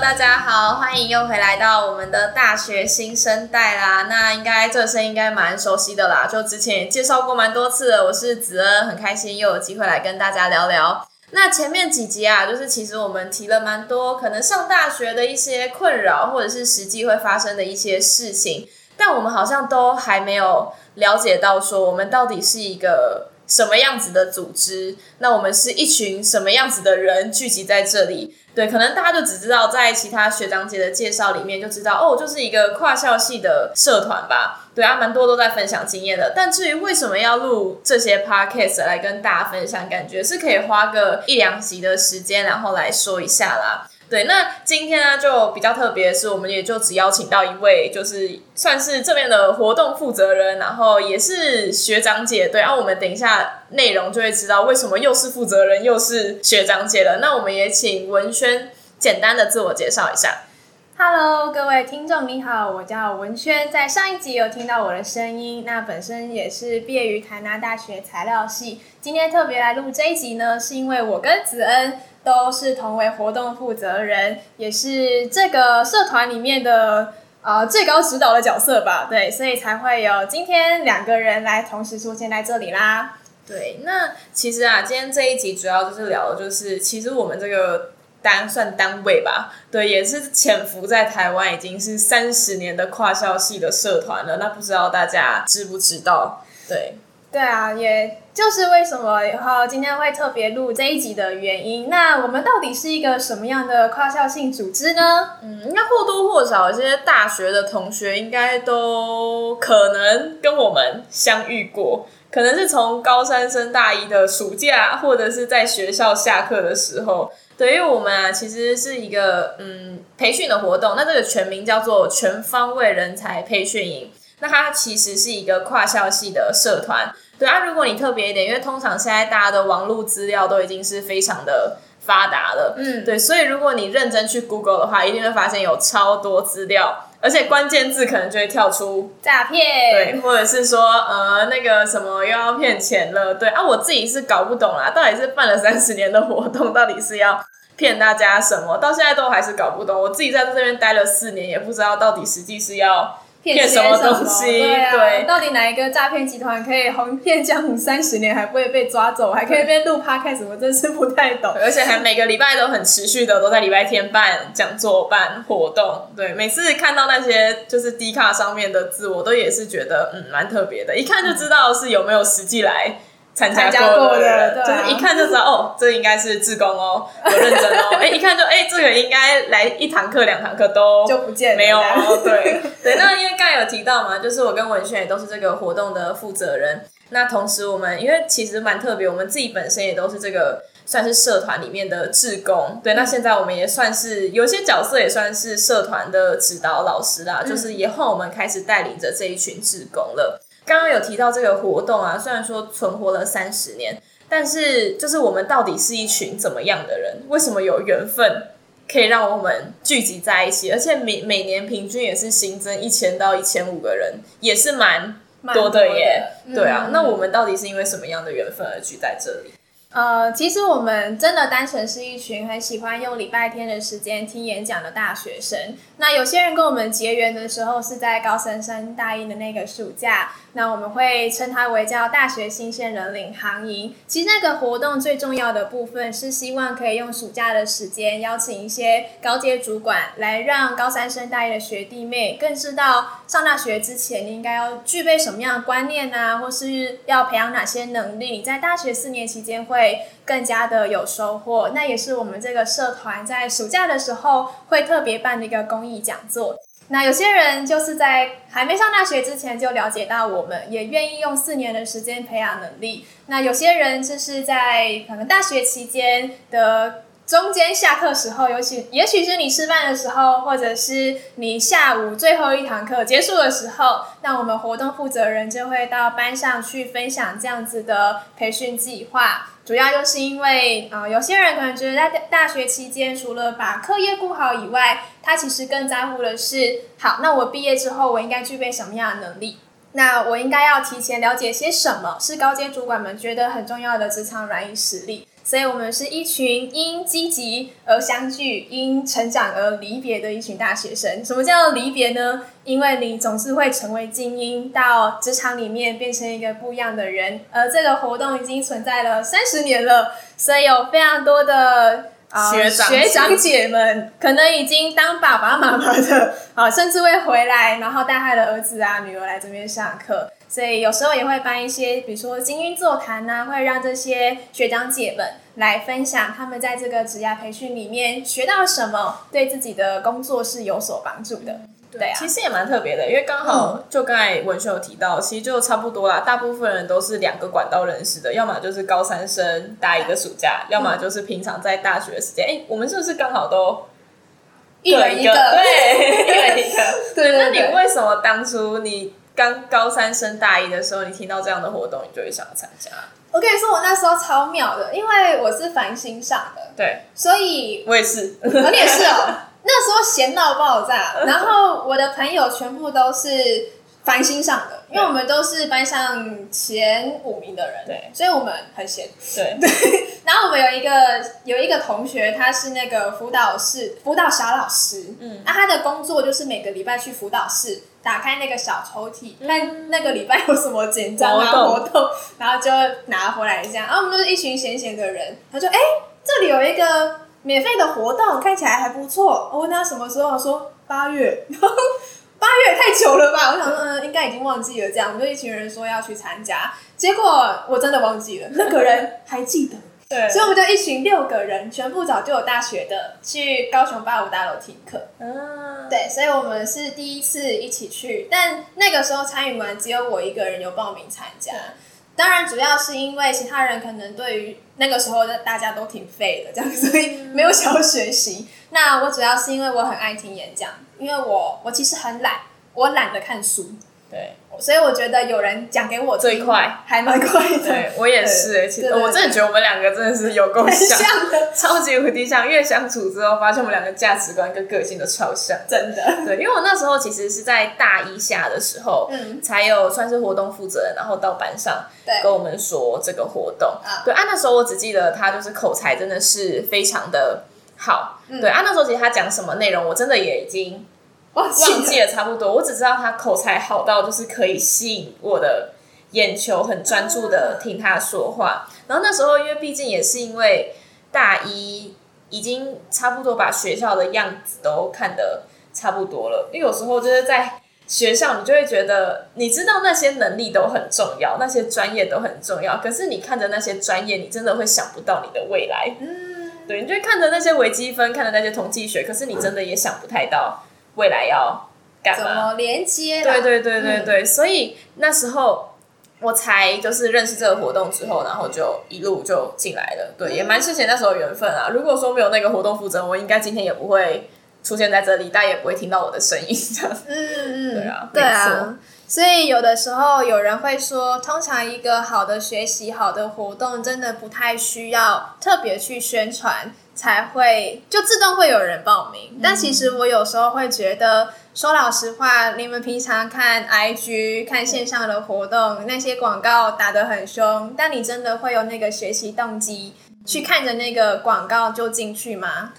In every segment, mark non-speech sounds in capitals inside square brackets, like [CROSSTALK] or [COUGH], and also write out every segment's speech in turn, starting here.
大家好，歡迎又回來到我們的大學新生代啦。那應該這聲音，應該蠻熟悉的啦，就之前也介紹過蠻多次了，我是子恩，很開心又有機會來跟大家聊聊。那前面幾集啊，就是其實我們提了蠻多可能上大學的一些困擾，或者是實際會發生的一些事情，但我們好像都還沒有了解到說我們到底是一個。什麼樣子的組織？那我們是一群什麼樣子的人聚集在這裡？對，可能大家就只知道在其他學長姐的介紹裡面就知道，哦，就是一個跨校系的社團吧。對，啊，蠻多都在分享經驗的。但至於為什麼要錄這些 podcast 來跟大家分享，感覺是可以花個一兩集的時間，然後來說一下啦。對，那今天呢，就比較特別，是我們也就只邀請到一位，就是算是這邊的活動負責人，然後也是學長姐。對，然後我們等一下內容就會知道為什麼又是負責人又是學長姐了。那我們也請文軒簡單的自我介紹一下。Hello，各位聽眾你好，我叫文軒，在上一集有聽到我的聲音，那本身也是畢業於台南大學材料系，今天特別來錄這一集呢，是因為我跟子恩。都是同為活動負責人，也是這個社團裡面的啊、呃、最高指導的角色吧？對，所以才會有今天兩個人來同時出現在這裡啦。對，那其實啊，今天這一集主要就是聊的就是，其實我們這個單算單位吧，對，也是潛伏在台灣已經是三十年的跨校系的社團了。那不知道大家知不知道？對，對啊，也。就是為什麼以後今天會特別錄這一集的原因？那我們到底是一個什麼樣的跨校性組織呢？嗯，那或多或少，有些大學的同學應該都可能跟我們相遇過，可能是從高三升大一的暑假，或者是在學校下課的時候。對於我們啊，其實是一個嗯培訓的活動。那這個全名叫做全方位人才培訓營。那它其實是一個跨校系的社團。對啊，如果你特別一點，因為通常現在大家的網路資料都已經是非常的發達了，嗯，對，所以如果你認真去 Google 的話，一定會發現有超多資料，而且關鍵字可能就會跳出詐騙，對，或者是說呃那個什麼又要騙錢了，嗯、對啊，我自己是搞不懂啦，到底是辦了三十年的活動，到底是要騙大家什麼，到現在都還是搞不懂。我自己在這邊待了四年，也不知道到底實際是要騙什麼東西，麼東西對、啊？對，到底哪一個詐騙集團可以橫騙江湖三十年還不會被抓走，還可以被錄 podcast？我真是不太懂。而且還每個禮拜都很持續的，都在禮拜天辦講座、辦活動。對，每次看到那些就是 D 卡上面的字，我都也是覺得嗯蠻特別的，一看就知道是有沒有實際來。參加過的，加過的、啊，就是一看就知道哦，這個、應該是志工哦，有認真哦，哎、 [LAUGHS] 欸，一看就哎、欸，這個應該來一堂課、兩堂課都就不見了沒有、哦，對 [LAUGHS] 對。那因為剛才有提到嘛，就是我跟文軒也都是這個活動的負責人。那同時，我們因為其實蠻特別，我們自己本身也都是這個算是社團裡面的志工。對，那現在我們也算是有些角色，也算是社團的指導老師啦。嗯、就是以後我們開始帶領着這一群志工了。剛剛有提到這個活動啊，雖然說存活了三十年，但是就是我們到底是一群怎麼樣的人？為什麼有緣分可以讓我們聚集在一起？而且每每年平均也是新增一千到一千五個人，也是蠻多的耶。蠻多的，對啊、嗯，那我們到底是因為什麼樣的緣分而聚在這裡？呃，其實我們真的單純是一群很喜歡用禮拜天的時間聽演講的大學生。那有些人跟我們結緣的時候是在高三升大一的那個暑假，那我們會稱它為叫大學新鮮人領航營。其實那個活動最重要的部分是希望可以用暑假的時間邀請一些高階主管來讓高三升大一的學弟妹更知道上大學之前應該要具備什麼樣的觀念啊，或是要培養哪些能力。你在大學四年期間會。更加的有收穫，那也是我們這個社團在暑假的時候會特別辦的一個公益講座。那有些人就是在還沒上大學之前就了解到，我們也願意用四年的時間培養能力。那有些人就是在可能大學期間的中間下課時候，尤其也許是你吃飯的時候，或者是你下午最後一堂課結束的時候，那我們活動負責人就會到班上去分享這樣子的培訓計劃。主要就是因為，呃，有些人可能覺得在大學期間，除了把課業顧好以外，他其實更在乎的是，好，那我畢業之後，我應該具備什麼樣的能力？那我應該要提前了解些什麼？是高階主管們覺得很重要的職場軟硬實力。所以，我們是一群因積極而相聚、因成長而離別的一群大學生。什麼叫離別呢？因為你總是會成為精英，到職場裡面變成一個不一樣的人。而這個活動已經存在了三十年了，所以有非常多的。啊，學長學長姐們可能已經當爸爸媽媽的啊，甚至會回來，然後帶他的兒子啊、女兒來這邊上課。所以有時候也會辦一些，比如說精英座談吶、啊，會讓這些學長姐們來分享他們在這個職涯培訓裡面學到什麼，對自己的工作是有所幫助的。對啊、其實也蠻特別的，因為剛好就剛才文秀有提到，嗯，其實就差不多啦。大部分人都是兩個管道認識的，要麼就是高三升大一個暑假，嗯，要麼就是平常在大學的時間。哎，我們是不是剛好都一,一人一個對對 [LAUGHS] 一、人一個？對，那你為什麼當初你剛高三升大一的時候，你聽到這樣的活動，你就會想參加？我跟你說，我那時候超妙的，因為我是繁星上的，對，所以我也是，我也是哦。 [LAUGHS] 閒到爆炸，然後我的朋友全部都是繁星上的，因為我們都是班上前五名的人，對，所以我們很閒，對。 [LAUGHS] 然後我們有一個有一個同學，他是那個輔導室輔導小老師，嗯，那、啊、他的工作就是每個禮拜去輔導室，打開那個小抽屜，看那個禮拜有什麼簡章啊活動，然後就拿回來這樣，然後我們就是一群閒閒的人，他說：“哎、欸，這裡有一個。”免費的活動看起來還不錯，我問他什麼時候？我說八月， [LAUGHS] 八月太久了吧？我想說， [LAUGHS] 嗯，應該已經忘記了。這樣，我們就一群人說要去參加，結果我真的忘記了。那個人還記得， [LAUGHS] 對，所以我們就一群六個人，全部早就有大學的去高雄八五大樓聽課。嗯、啊，對，所以我們是第一次一起去，但那個時候參與完只有我一個人有報名參加、嗯，當然主要是因為其他人可能對於。那個時候，大家都挺廢的，這樣子，所以沒有想要學習。那我主要是因為我很愛聽演講，因為我我其實很懶，我懶得看書。對，所以我覺得有人講給我快最快，還蠻快的。我也是、欸對對對對。其實我真的覺得我們兩個真的是有夠像的，超級無敵像。因為相處之後，發現我們兩個價值觀跟個性都超像。真的。對，因為我那時候其實是在大一下的時候，嗯，才有算是活動負責人，然後到班上跟我們說這個活動。啊。對啊，那時候我只記得他就是口才真的是非常的好。嗯、對啊，那時候其實他講什麼內容，我真的也已經。忘記了，忘記了差不多，我只知道他口才好到就是可以吸引我的眼球，很專注的聽他說話。然後那時候，因為畢竟也是因為大一，已經差不多把學校的樣子都看得差不多了。因為有時候就是在學校，你就會覺得你知道那些能力都很重要，那些專業都很重要。可是你看着那些專業，你真的會想不到你的未來。嗯，對，你就會看着那些微積分，看着那些統計學，可是你真的也想不太到，未來要幹嘛？怎麼連接？對對對對對、嗯，所以那時候我才就是認識這個活動之後，然後就一路就進來了。對，嗯、也蠻謝謝那時候的緣分啊！如果說沒有那個活動負責，我應該今天也不會出現在這裡，大家也不會聽到我的聲音的。這樣嗯嗯嗯。 [LAUGHS] 對啊，對啊。所以有的時候有人會說，通常一個好的學習、好的活動，真的不太需要特別去宣傳。才會就自動會有人報名，但其實我有時候會覺得，嗯、說老實話，你們平常看 IG 看線上的活動、嗯，那些廣告打得很兇，但你真的會有那個學習動機、嗯、去看着那個廣告就進去嗎？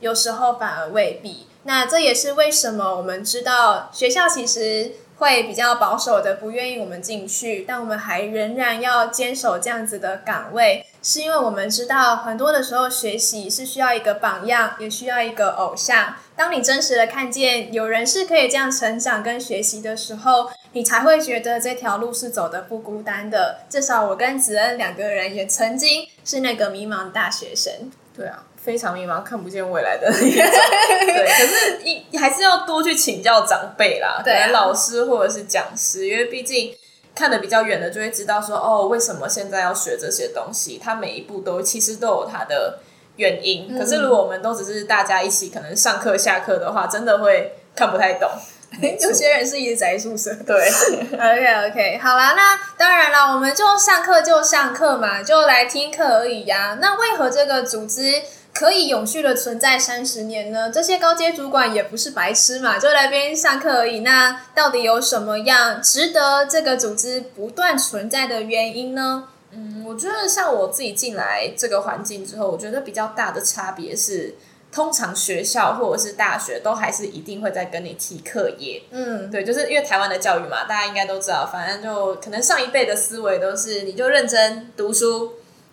有時候反而未必。那這也是為什麼我們知道學校其實會比較保守的，不願意我們進去，但我們還仍然要堅守這樣子的崗位，是因為我們知道，很多的時候學習是需要一個榜樣，也需要一個偶像。當你真實的看見有人是可以這樣成長跟學習的時候，你才會覺得這條路是走得不孤單的。至少我跟子恩兩個人也曾經是那個迷茫大學生。對啊，非常迷茫，看不見未來的那種 [LAUGHS] 對，可是你還是要多去請教長輩啦，對、啊、來老師或者是講師，因為畢竟。看得比較遠的就會知道說哦，為什麼現在要學這些東西？它每一步都其實都有它的原因。可是如果我們都只是大家一起可能上課下課的話，真的會看不太懂。 [LAUGHS] 有些人是一直宅宿舍。對 [LAUGHS] ，OK OK，好啦，那當然了，我們就上課就上課嘛，就來聽課而已呀、啊。那為何這個組織？可以永續的存在三十年呢？這些高階主管也不是白痴嘛，就來這邊上課而已。那到底有什麼樣值得這個組織不斷存在的原因呢？嗯，我覺得像我自己進來這個環境之後，我覺得比較大的差別是，通常學校或者是大學都還是一定會在跟你提課業。嗯，對，就是因為台灣的教育嘛，大家應該都知道，反正就可能上一輩的思維都是，你就認真讀書。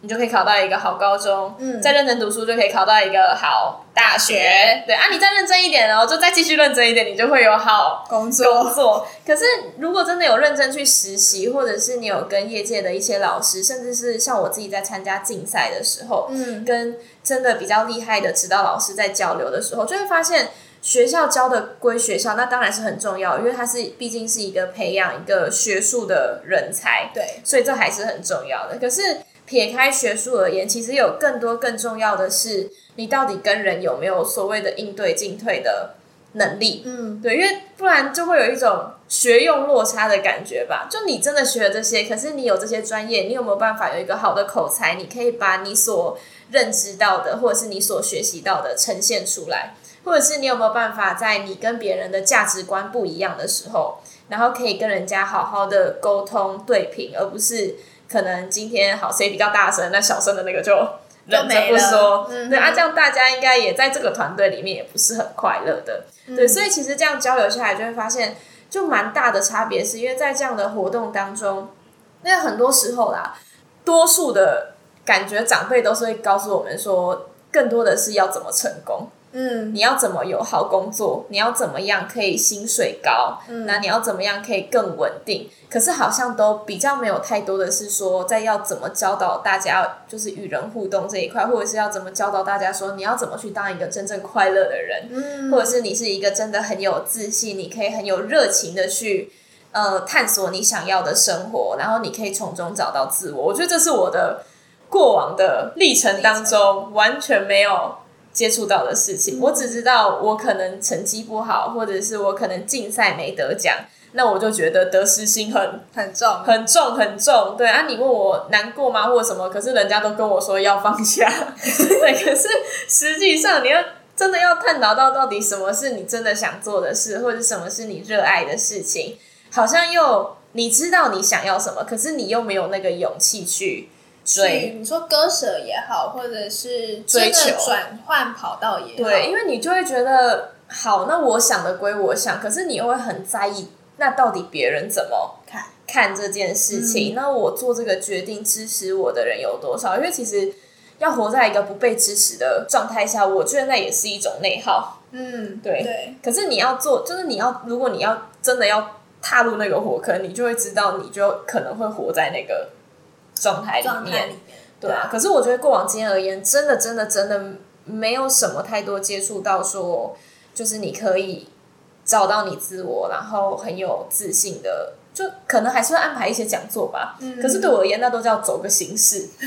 你就可以考到一個好高中，嗯，再認真讀書就可以考到一個好大學。嗯、對啊，你再認真一點哦，就再繼續認真一點，你就會有好工作。工作可是，如果真的有認真去實習，或者是你有跟業界的一些老師，甚至是像我自己在參加競賽的時候，嗯，跟真的比較厲害的指導老師在交流的時候，就會發現學校教的歸學校，那當然是很重要的，因為它是畢竟是一個培養一個學術的人才，對，所以這還是很重要的。可是。撇開學術而言，其實有更多更重要的是，你到底跟人有沒有所謂的應對進退的能力？嗯，對，因為不然就會有一種學用落差的感覺吧。就你真的學了這些，可是你有這些專業，你有沒有辦法有一個好的口才，你可以把你所認知到的，或者是你所學習到的呈現出來，或者是你有沒有辦法在你跟別人的價值觀不一樣的時候，然後可以跟人家好好的溝通對評，而不是。可能今天好誰比較大聲，那小聲的那個就忍著不說。嗯、對啊，這樣大家應該也在這個團隊裡面也不是很快樂的、嗯。對，所以其實這樣交流下來，就會發現就蠻大的差別，是因為在這樣的活動當中，那很多時候啦，多數的感覺長輩都是會告訴我們說，更多的是要怎麼成功。嗯，你要怎麼有好工作？你要怎麼樣可以薪水高？嗯，那你要怎麼樣可以更穩定？可是好像都比較沒有太多的是說，在要怎麼教導大家，就是與人互動這一塊，或者是要怎麼教導大家說，你要怎麼去當一個真正快樂的人。嗯，或者是你是一個真的很有自信，你可以很有熱情的去呃探索你想要的生活，然後你可以從中找到自我。我覺得這是我的過往的歷程當中程完全沒有。接觸到的事情、嗯，我只知道我可能成績不好，或者是我可能競賽沒得獎，那我就覺得得失心很、嗯、很重，很重，很重。對啊，你問我難過嗎？或者什麼？可是人家都跟我說要放下。 [LAUGHS] 對，可是實際上你要真的要探討到到底什麼是你真的想做的事，或者什麼是你熱愛的事情，好像又你知道你想要什麼，可是你又沒有那個勇氣去。對、嗯，你說割舍也好，或者是這個轉換跑道也好，對，因為你就會覺得好，那我想的歸我想，可是你又會很在意，那到底別人怎麼看看這件事情、嗯？那我做這個決定支持我的人有多少？因為其實要活在一個不被支持的狀態下，我覺得那也是一種內耗。嗯，對。對。可是你要做，就是你要，如果你要真的要踏入那個火坑，你就會知道，你就可能會活在那個。狀態裡面，裡面對、啊，對啊，可是我覺得過往經驗而言，真的真的真的沒有什麼太多接觸到說，說就是你可以找到你自我，然後很有自信的，就可能還是會安排一些講座吧。嗯，可是對我而言，那都叫走個形式。 [LAUGHS]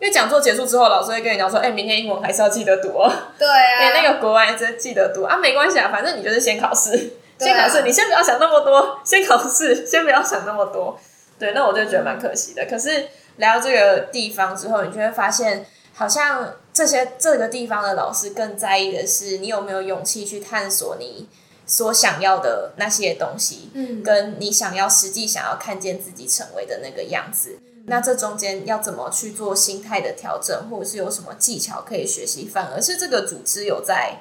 因為講座結束之後，老師會跟你講說：“哎、欸，明天英文還是要記得讀、哦。”對啊、欸，那個國外就記得讀啊，沒關係啊，反正你就是先考試，先考試、啊，你先不要想那麼多，先考試，先不要想那麼多。對，那我就覺得蠻可惜的。可是。來到這個地方之後，你就會發現，好像這些這個地方的老師更在意的是你有沒有勇氣去探索你所想要的那些東西，嗯，跟你想要實際想要看見自己成為的那個樣子。嗯，那這中間要怎麼去做心態的調整，或者是有什麼技巧可以學習？反而是這個組織有在，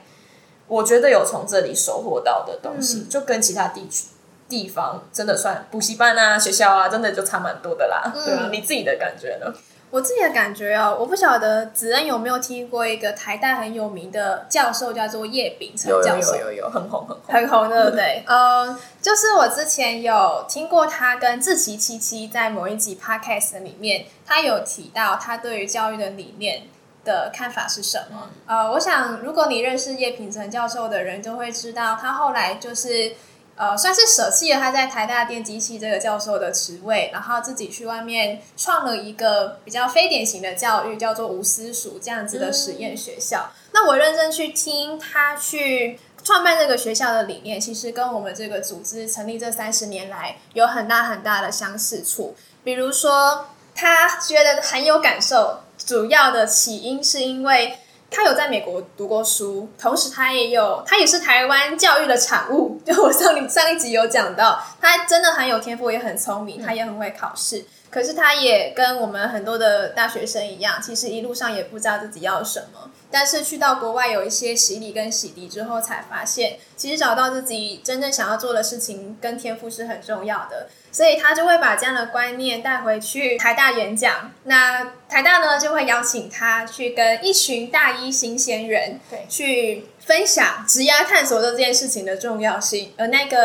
我覺得有從這裡收穫到的東西，嗯，就跟其他地區。地方真的算補習班啊，學校啊，真的就差蠻多的啦。嗯對，你自己的感覺呢？我自己的感覺哦，我不曉得子恩有沒有聽過一個台大很有名的教授，叫做葉丙成教授，有有有，有，有很紅很紅很紅的對，對。嗯、 [LAUGHS] uh，就是我之前有聽過他跟志祺七七在某一集 podcast 裡面，他有提到他對於教育的理念的看法是什麼。呃、嗯，uh, 我想如果你認識葉丙成教授的人，就會知道他後來就是。呃，算是捨棄了他在台大電機系這個教授的職位，然後自己去外面創了一個比較非典型的教育，叫做無私塾這樣子的實驗學校。嗯。那我認真去聽他去創辦這個學校的理念，其實跟我們這個組織成立這三十年來有很大很大的相似處。比如說，他覺得很有感受，主要的起因是因為。他有在美國讀過書，同時他也有，他也是台灣教育的產物。就我上上一集有講到，他真的很有天賦，也很聰明，嗯，他也很會考試。可是他也跟我們很多的大學生一樣，其實一路上也不知道自己要什麼，但是去到國外有一些洗禮跟洗滌之後，才發現其實找到自己真正想要做的事情跟天賦是很重要的，所以他就會把這樣的觀念帶回去台大演講。那台大呢就會邀請他去跟一群大一新鮮人對去分享職業探索的這件事情的重要性，而那個。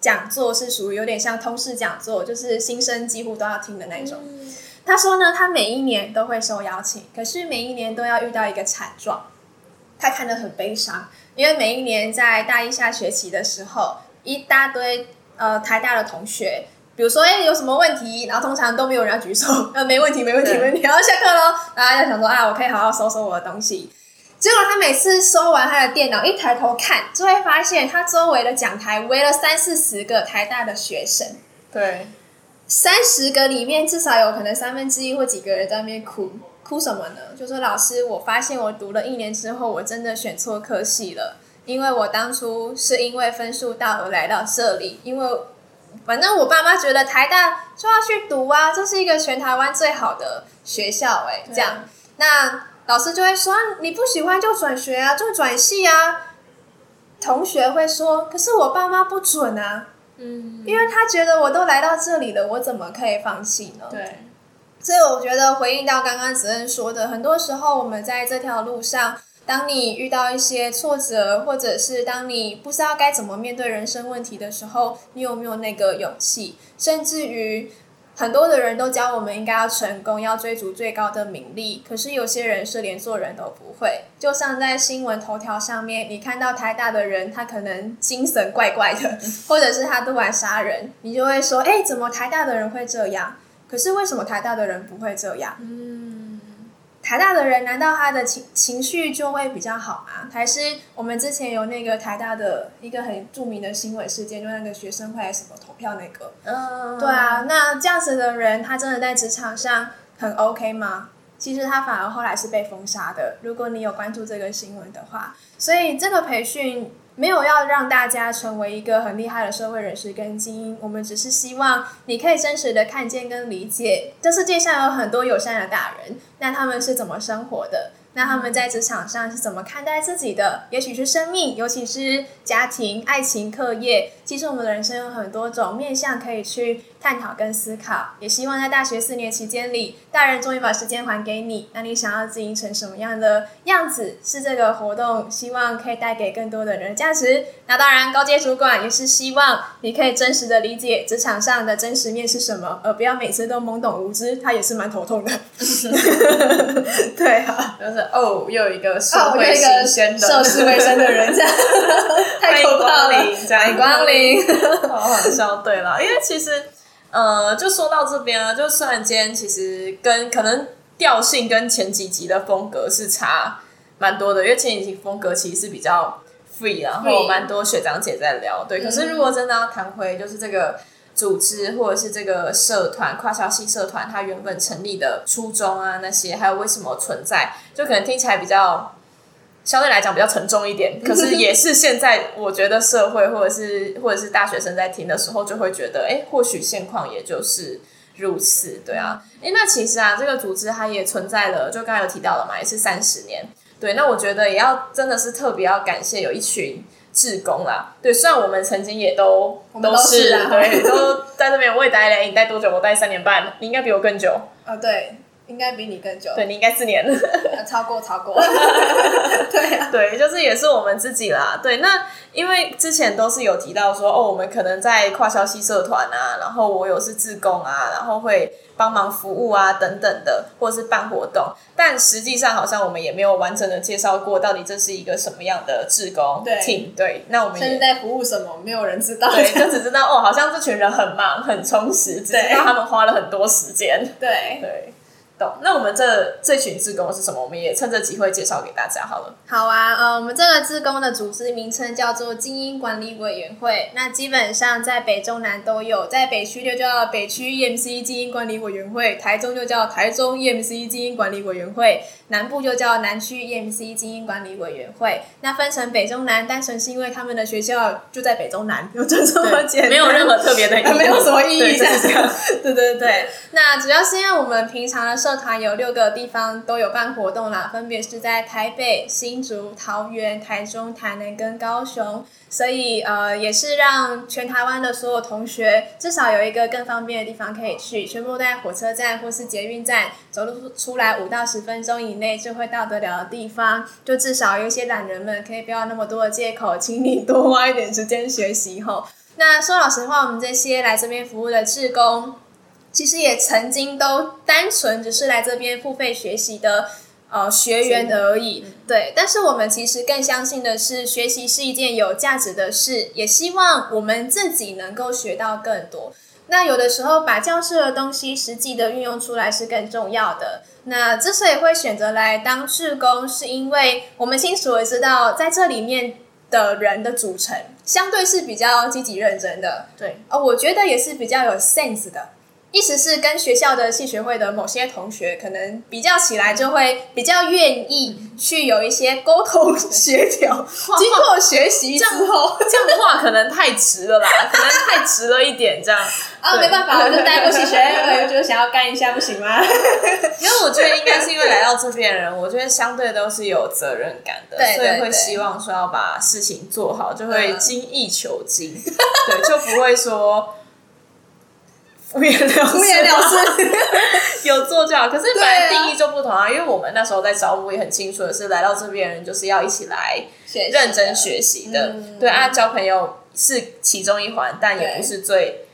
講座是屬於有點像通識講座，就是新生幾乎都要聽的那種、嗯。他說呢，他每一年都會受邀請，可是每一年都要遇到一個慘狀，他看得很悲傷，因為每一年在大一下學期的時候，一大堆呃台大的同學，比如說哎有什麼問題，然後通常都沒有人要舉手，沒問題沒問題沒問題，然後下課嘍，大家就想說啊，我可以好好收收我的東西。結果他每次收完他的電腦，一抬頭看，就會發現他周圍的講台圍了三四十個台大的學生。對，三十個裡面至少有可能三分之一或幾個人在那邊哭。哭什麼呢？就說老師，我發現我讀了一年之後，我真的選錯科系了。因為我當初是因為分數到而來到這裡，因為反正我爸媽覺得台大就要去讀啊，這是一個全台灣最好的學校哎、欸，這樣那。老師就會說：“你不喜歡就轉學啊，就轉系啊。”同學會說：“可是我爸媽不准啊。”嗯，因為他覺得我都來到這裡了，我怎麼可以放棄呢？對。所以我覺得回應到剛剛子恩說的，很多時候我們在這條路上，當你遇到一些挫折，或者是當你不知道該怎麼面對人生問題的時候，你有沒有那個勇氣？甚至於。很多的人都教我們應該要成功，要追逐最高的名利。可是有些人是連做人都不會。就像在新聞頭條上面，你看到台大的人，他可能精神怪怪的，或者是他都敢殺人，你就會說：哎、欸，怎麼台大的人會這樣？可是為什麼台大的人不會這樣？嗯，台大的人難道他的情情緒就會比較好嗎？還是我們之前有那個台大的一個很著名的新聞事件，就那個學生會還什麼？票那個、嗯，對啊，那這樣子的人，他真的在職場上很 OK 嗎？嗯，其實他反而後來是被封殺的。如果你有關注這個新聞的話，所以這個培訓沒有要讓大家成為一個很厲害的社會人士跟精英，我們只是希望你可以真實的看見跟理解，這世界上有很多友善的大人，那他們是怎麼生活的？那他們在職場上是怎麼看待自己的？也許是生命，尤其是家庭、愛情、課業。其實我們的人生有很多種面向可以去探討跟思考，也希望在大學四年期間裡，大人終於把時間還給你，那你想要經營成什麼樣的樣子，是這個活動希望可以帶給更多的人的價值。那當然，高階主管也是希望你可以真實的理解職場上的真實面是什麼，而不要每次都懵懂無知，他也是蠻頭痛的。 [LAUGHS] [LAUGHS] 對啊，就是哦，Oh, 又有一個社會新鮮的涉世未深的人，歡迎 [LAUGHS] 太恐怖了，歡迎光臨，歡迎光臨。 [LAUGHS] 好好笑，對啦，因為其實，呃，就說到這邊啊，就突然間其實跟可能調性跟前幾集的風格是差蠻多的，因為前幾集風格其實是比較 free，然後蠻多學長姐在聊，對。可是如果真的要談回，就是這個組織或者是這個社團，嗯、跨校系社團它原本成立的初衷啊，那些還有為什麼存在，就可能聽起來比較。相對來講比較沉重一點，可是也是現在我覺得社會或者是或者是大學生在聽的時候，就會覺得哎、欸，或許現況也就是如此，對啊。哎、欸，那其實啊，這個組織它也存在了，就剛才有提到了嘛，也是三十年。對，那我覺得也要真的是特別要感謝有一群志工啦。對，雖然我們曾經也都都是，都是對，都在這邊我也待了、欸，你待多久？我待三年半，你應該比我更久啊。對。應該比你更久，對，你應該四年了。超過超過， [LAUGHS] [LAUGHS] 對啊，對，就是也是我們自己啦，對，那因為之前都是有提到說哦，我們可能在跨校性社團啊，然後我有是志工啊，然後會幫忙服務啊等等的，或者是辦活動，但實際上好像我們也沒有完整的介紹過到底這是一個什麼樣的志工，對，對，那我們現在服務什麼，沒有人知道，對 [LAUGHS] 對，就只知道哦，好像這群人很忙很充實，只知道他們花了很多時間，對，對。對那我們這這群志工是什麼？我們也趁這機會介紹給大家好了。好啊，呃、嗯，我們這個志工的組織名稱叫做經營管理委員會。那基本上在北中南都有，在北區就叫北區 EMC 經營管理委員會，台中就叫台中 EMC 經營管理委員會，南部就叫南區 EMC 經營管理委員會。那分成北中南，單純是因為他們的學校就在北中南，有 [LAUGHS] 這麼簡單沒有任何特別的、啊，沒有什麼意義在講。對對，就是、這 [LAUGHS] 對對對， [LAUGHS] 那主要是因為我們平常的時候。社團有六個地方都有辦活動啦，分別是在台北、新竹、桃園、台中、台南跟高雄，所以呃也是讓全台灣的所有同學至少有一個更方便的地方可以去，全部都在火車站或是捷運站，走路出來五到十分鐘以內就會到得了的地方，就至少有些懶人們可以不要那麼多的借口，請你多花一點時間學習吼。那說老實話，我們這些來這邊服務的志工。其實也曾經都單純只是來這邊付費學習的呃學員而已，嗯，對。但是我們其實更相信的是，學習是一件有價值的事，也希望我們自己能夠學到更多。那有的時候把教室的東西實際的運用出來是更重要的。那之所以會選擇來當志工，是因為我們清楚的知道在這裡面的人的組成相對是比較積極認真的，對。哦、呃，我覺得也是比較有 sense 的。意思是跟學校的系學會的某些同學可能比較起來，就會比較願意去有一些溝通協調。經過學習之後，這樣，這樣的話可能太直了啦， [LAUGHS] 可能太直了一點，這樣啊、哦，沒辦法， [LAUGHS] 我就待不起系學會，就想要幹一下，不行嗎？因為我覺得應該是因為來到這邊的人，我覺得相對都是有責任感的，對，所以會希望說要把事情做好，對對對，就會精益求精，嗯、對，就不會說。敷衍了事， [LAUGHS] 有做就好，可是本來定義就不同啊。啊，因為我們那時候在招募，也很清楚的是，來到這邊人就是要一起來認真學習的。嗯、對啊，交朋友是其中一環，但也不是最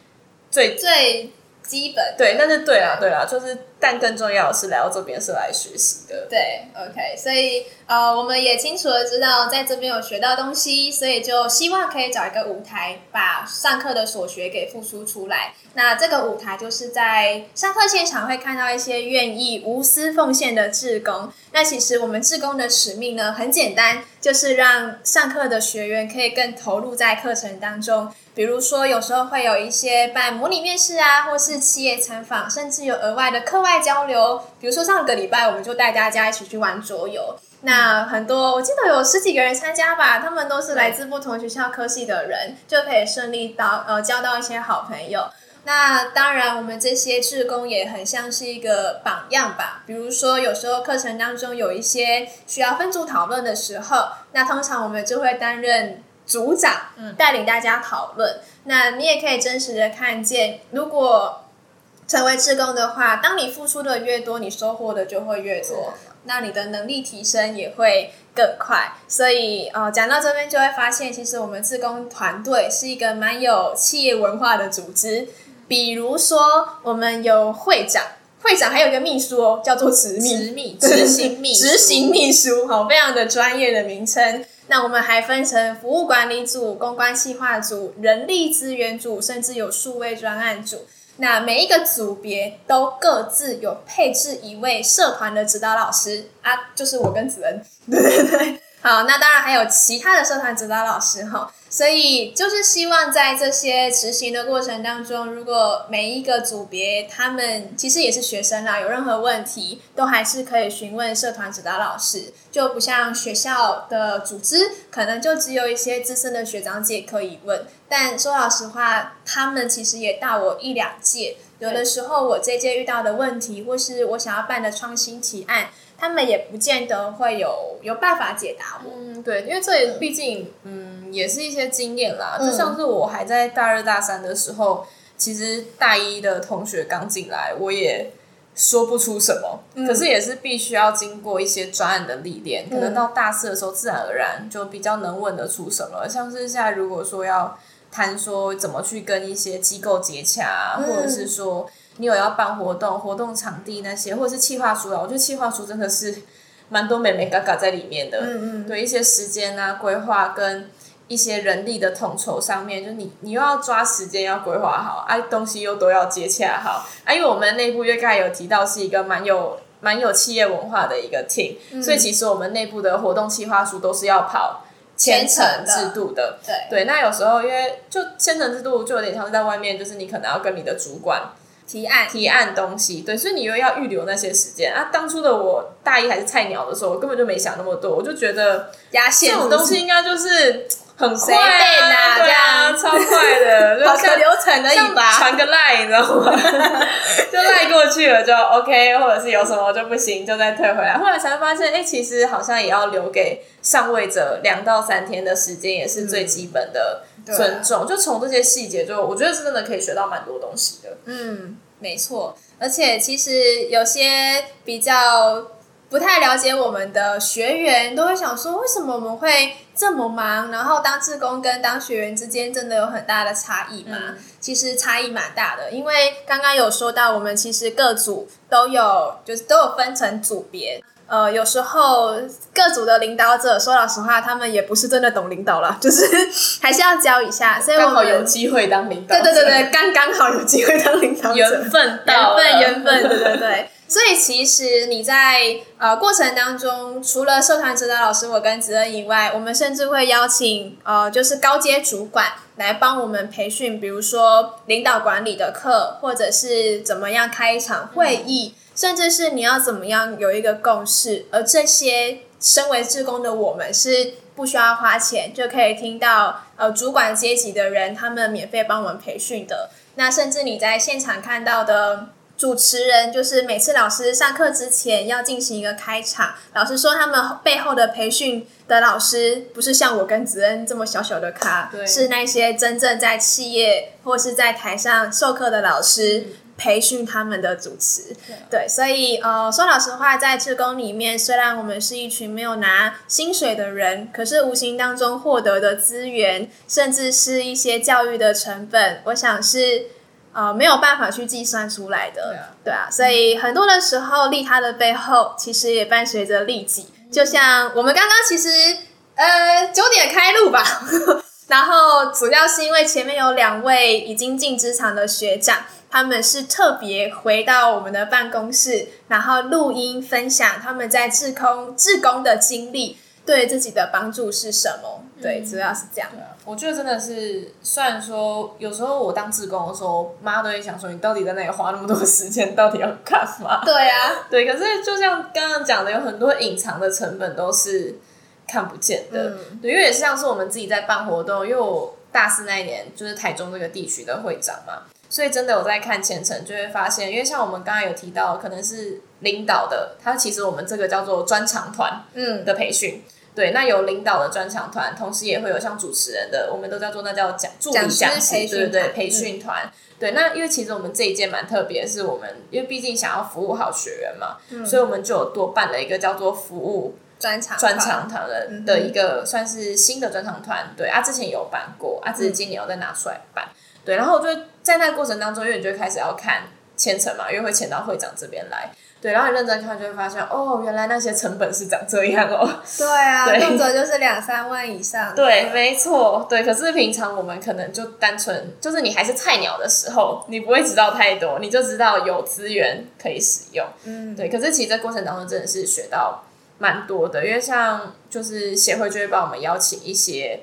最最基本。對，那是對啊，對啊，就是。但更重要的是，來到這邊是來學習的。對，OK，所以呃，我們也清楚的知道，在這邊有學到東西，所以就希望可以找一個舞台，把上課的所學給付出出來。那這個舞台就是在上課現場會看到一些願意無私奉獻的志工。那其實我們志工的使命呢，很簡單，就是讓上課的學員可以更投入在課程當中。比如說，有時候會有一些辦模擬面試啊，或是企業參訪，甚至有額外的課外交流。比如說上個禮拜，我們就帶大家一起去玩桌遊。那很多我記得有十幾個人參加吧，他們都是來自不同學校科系的人，嗯、就可以順利到呃交到一些好朋友。那當然，我們這些志工也很像是一個榜樣吧。比如說，有時候課程當中有一些需要分組討論的時候，那通常我們就會擔任組長帶領大家討論，嗯，那你也可以真實的看見，如果成為志工的話，當你付出的越多，你收穫的就會越多，嗯，那你的能力提升也會更快。所以，哦，呃，講到這邊就會發現，其實我們志工團隊是一個蠻有企業文化的組織。比如說，我們有會長，會長還有一個秘書哦，叫做執秘、執秘、執行秘、 [LAUGHS] 執行秘書，好，非常的專業的名稱。那我們還分成服務管理組、公關企劃組、人力資源組，甚至有數位專案組。那每一個組別都各自有配置一位社團的指導老師啊，就是我跟子恩。對對對。好，那當然還有其他的社團指導老師哈、哦，所以就是希望在這些執行的過程當中，如果每一個組別他們其實也是學生啦，有任何問題都還是可以詢問社團指導老師，就不像學校的組織可能就只有一些資深的學長姐可以問。但說老實話，他們其實也大我一兩屆，有的時候我這屆遇到的問題，或是我想要辦的創新提案。他們也不見得會有有辦法解答我。嗯，對，因為這也畢竟嗯，嗯，也是一些經驗啦、嗯。就像是我還在大二大三的時候，其實大一的同學剛進來，我也說不出什麼。嗯、可是也是必須要經過一些專案的歷練、嗯，可能到大四的時候，自然而然就比較能問得出什麼。像是現在，如果說要談說怎麼去跟一些機構接洽、嗯，或者是說。你有要辦活動，活動場地那些，或者是企劃書啊？我覺得企劃書真的是蠻多妹妹嘎嘎在裡面的。嗯嗯。對一些時間啊，規劃跟一些人力的統籌上面，就你你又要抓時間，要規劃好，哎、啊，東西又都要接洽好。哎、啊，因為我們內部因為剛才有提到是一個蠻有蠻有企業文化的一個 team，、嗯、所以其實我們內部的活動企劃書都是要跑簽呈制度的。的對對，那有時候因為就簽呈制度就有點像是在外面，就是你可能要跟你的主管。提案提案東西，對，所以你又要預留那些時間啊。當初的我大一還是菜鳥的時候，我根本就沒想那麼多，我就覺得壓線，這種東西應該就是。很啊快啊這樣，對啊，超快的，好像流程而已吧，傳個賴你知道嗎？ [LAUGHS] [LAUGHS] 就賴過去了就 OK，或者是有什麼就不行，就再退回來。後來才發現，哎、欸，其實好像也要留給上位者兩到三天的時間、嗯，也是最基本的尊重。就從這些細節，就我覺得是真的可以學到蠻多東西的。嗯，沒錯，而且其實有些比較。不太了解我們的學員都會想說，為什麼我們會這麼忙？然後當志工跟當學員之間真的有很大的差異嗎？嗯、其實差異蠻大的，因為剛剛有說到，我們其實各組都有，就是都有分成組別。呃，有時候各組的領導者說老實話，他們也不是真的懂領導啦，就是還是要教一下。所以我們剛好有機會當領導、嗯，對對對對，剛剛好有機會當領導，緣分，緣分，緣分，對對對。 [LAUGHS] 所以，其實你在呃過程當中，除了社團指導老師我跟職恩以外，我們甚至會邀請呃就是高階主管來幫我們培訓，比如說領導管理的課，或者是怎麼樣開一場會議，嗯、甚至是你要怎麼樣有一個共識。而這些身為志工的我們是不需要花錢就可以聽到呃主管階級的人他們免費幫我們培訓的。那甚至你在現場看到的。主持人就是每次老師上課之前要進行一個開場。老師說他們背後的培訓的老師不是像我跟子恩這麼小小的咖，是那些真正在企業或是在台上授課的老師培訓他們的主持。嗯、對，所以呃說老實話，在志工裡面，雖然我們是一群沒有拿薪水的人，可是無形當中獲得的資源，甚至是一些教育的成本，我想是。啊、呃，沒有辦法去計算出來的，yeah. 對啊，所以很多的時候，利他的背後其實也伴隨着利己。Mm -hmm. 就像我們剛剛，其實呃九點開錄吧， [LAUGHS] 然後主要是因為前面有兩位已經進職場的學長，他們是特別回到我們的辦公室，然後錄音分享他們在志工、志工的經歷，對自己的幫助是什麼？Mm -hmm. 對，主要是這樣的。Yeah. 我覺得真的是，雖然說有時候我當志工的時候，媽都會想說，你到底在那裡花那麼多時間，到底要幹嘛？對呀、啊，對。可是就像剛剛講的，有很多隱藏的成本都是看不見的、嗯。對，因為也是像是我們自己在辦活動，因為我大四那一年就是台中這個地區的會長嘛，所以真的我在看前程就會發現，因為像我們剛剛有提到，可能是領導的他其實我們這個叫做專長團嗯的培訓。嗯對，那有領導的專場團，同時也會有像主持人的，我們都叫做那叫講助理講師，對對對，培訓團。對，那因為其實我們這一屆蠻特別，是我們因為畢竟想要服務好學員嘛，嗯、所以我們就有多辦了一個叫做服務專場專場團的的一個算是新的專場團。對啊，之前有辦過啊，只是今年要再拿出來辦。嗯、對，然後就在那個過程當中，因為你就開始要看簽呈嘛，因為會簽到會長這邊來。對，然後你認真看，就會發現哦，原來那些成本是長這樣哦。對啊，動輒就是兩三萬以上對。對，沒錯，對。可是平常我們可能就單純，就是你還是菜鳥的時候，你不會知道太多，你就知道有資源可以使用。嗯，對。可是其實這過程當中真的是學到蠻多的，因為像就是協會就會幫我們邀請一些。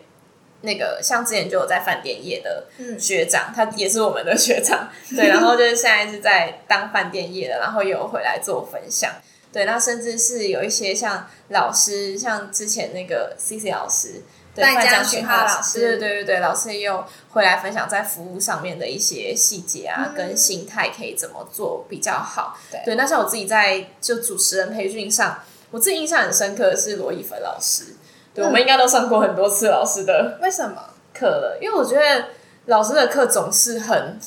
那個像之前就有在飯店業的學長、嗯，他也是我們的學長，對，然後就是現在是在當飯店業的， [LAUGHS] 然後又回來做分享，對，那甚至是有一些像老師，像之前那個 C C 老師，對，范江群老師，對對對，對、嗯、老師又回來分享在服務上面的一些細節啊、嗯，跟心態可以怎麼做比較好，對，對那像我自己在就主持人培訓上，我自己印象很深刻的是羅以凡老師。對、嗯，我們應該都上過很多次老師的。為什麼課了？因為我覺得老師的課總是很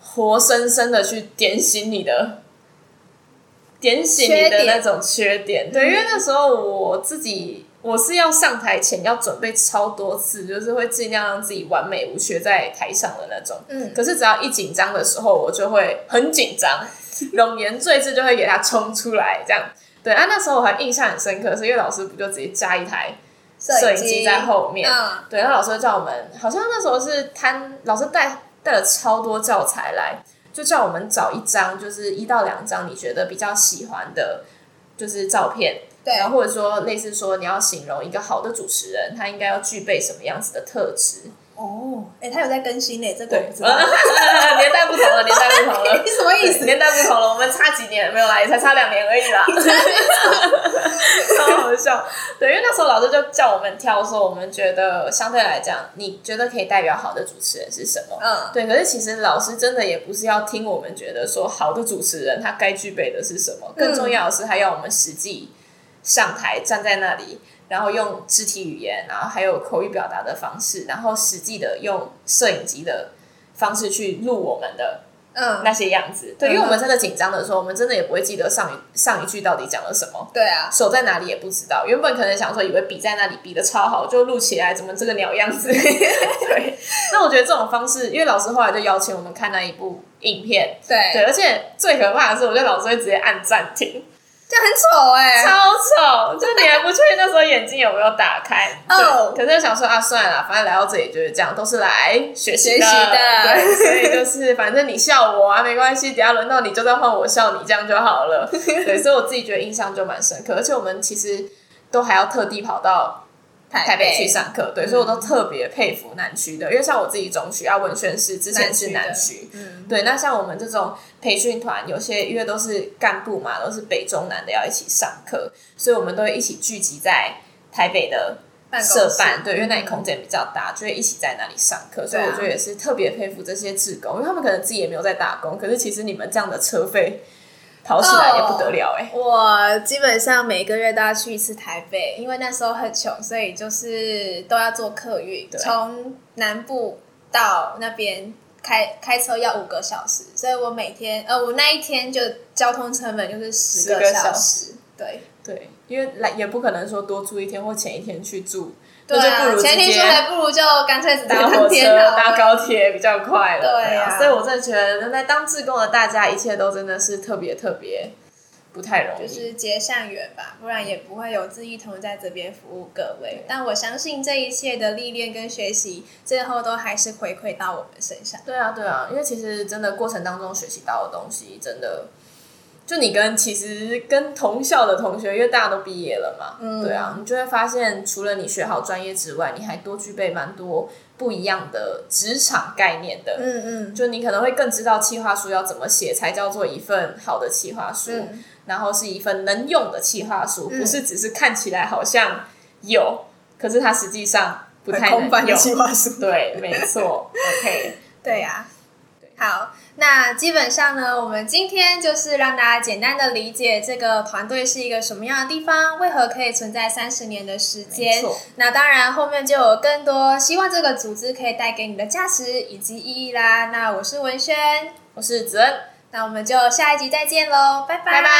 活生生的去點醒你的，點醒你的那種缺點。缺點對、嗯，因為那時候我自己我是要上台前要準備超多次，就是會儘量讓自己完美無缺在台上的那種。嗯，可是只要一緊張的時候，我就會很緊張， [LAUGHS] 冗言贅字就會給他衝出來這樣。對啊，那時候我還印象很深刻，是因為老師不就直接加一台。攝影機在後面，嗯、對，那老師叫我們，好像那時候是攤老師帶帶了超多教材來，就叫我們找一張，就是一到兩張你覺得比較喜歡的，就是照片，對、哦，然後或者說、嗯、類似說你要形容一個好的主持人，他應該要具備什麼樣子的特質？哦，哎、欸，他有在更新呢、欸，這個年代不， [LAUGHS] 不同了，年代不同了，你 [LAUGHS] 什麼意思？幾年沒有來，也才差兩年而已啦， [LAUGHS] [LAUGHS] 超好笑。對，因為那時候老師就叫我們跳，說我們覺得相對來講，你覺得可以代表好的主持人是什麼？嗯，對。可是其實老師真的也不是要聽我們覺得說好的主持人他該具備的是什麼，嗯、更重要的是還要我們實際上台站在那裡，然後用肢體語言，然後還有口語表達的方式，然後實際的用攝影機的方式去錄我們的。嗯，那些樣子，對，對因為我們真的緊張的時候，我們真的也不會記得上一上一句到底講了什麼，對啊，手在哪裡也不知道。原本可能想說，以為比在那裡比的超好，就錄起來怎麼這個鳥樣子。 [LAUGHS] 對， [LAUGHS] 那我覺得這種方式，因為老師後來就邀請我們看那一部影片，對，對而且最可怕的是，我覺得老師會直接按暫停。嗯就很醜哎、欸，超醜！就你還不確定那時候眼睛有沒有打開。嗯 [LAUGHS] ，oh, 可是想說啊，算了啦，反正來到這裡就是這樣，都是來學習的、的。對， [LAUGHS] 所以就是反正你笑我啊，沒關係，等下輪到你就再換我笑你，這樣就好了。對， [LAUGHS] 所以我自己覺得印象就蠻深刻，而且我們其實都還要特地跑到。台北去上課，對，所以我都特別佩服南區的、嗯，因為像我自己中區啊，文宣室之前是南區、嗯，對，那像我們這種培訓團，有些因為都是幹部嘛，都是北中南的要一起上課，所以我們都會一起聚集在台北的社辦，對，因為那裡空間比較大、嗯，就會一起在那裡上課、啊，所以我覺得也是特別佩服這些志工，因為他們可能自己也沒有在打工，可是其實你們這樣的車費。跑起來也不得了哎、欸！Oh, 我基本上每個月都要去一次台北，因為那時候很窮，所以就是都要坐客運，從南部到那邊開開車要五個小時，所以我每天呃，我那一天就交通成本就是十個小時，小時，對對，因為來也不可能說多住一天或前一天去住。對啊，前提說還不如就乾脆只搭火車、搭高鐵比較快了對啊。對啊，所以我真的覺得，原來當志工的大家，一切都真的是特別特別不太容易，就是結善緣吧，不然也不會有志一同在這邊服務各位。但我相信，這一切的歷練跟學習，最後都還是回饋到我們身上。對啊，對啊，因為其實真的過程當中學習到的東西，真的。就你跟其實跟同校的同學，因為大家都畢業了嘛、嗯，對啊，你就會發現，除了你學好專業之外，你還多具備蠻多不一樣的職場概念的。嗯嗯，就你可能會更知道企劃書要怎麼寫才叫做一份好的企劃書、嗯，然後是一份能用的企劃書，不是只是看起來好像有，嗯、可是它實際上不太能用。企劃書對，沒錯。 [LAUGHS] OK，對呀、啊。好，那基本上呢，我們今天就是讓大家簡單的理解這個團隊是一個什麼樣的地方，為何可以存在三十年的時間。那當然，後面就有更多希望這個組織可以帶給你的價值以及意義啦。那我是文軒，我是子恩，那我們就下一集再見嘍，拜拜。拜拜。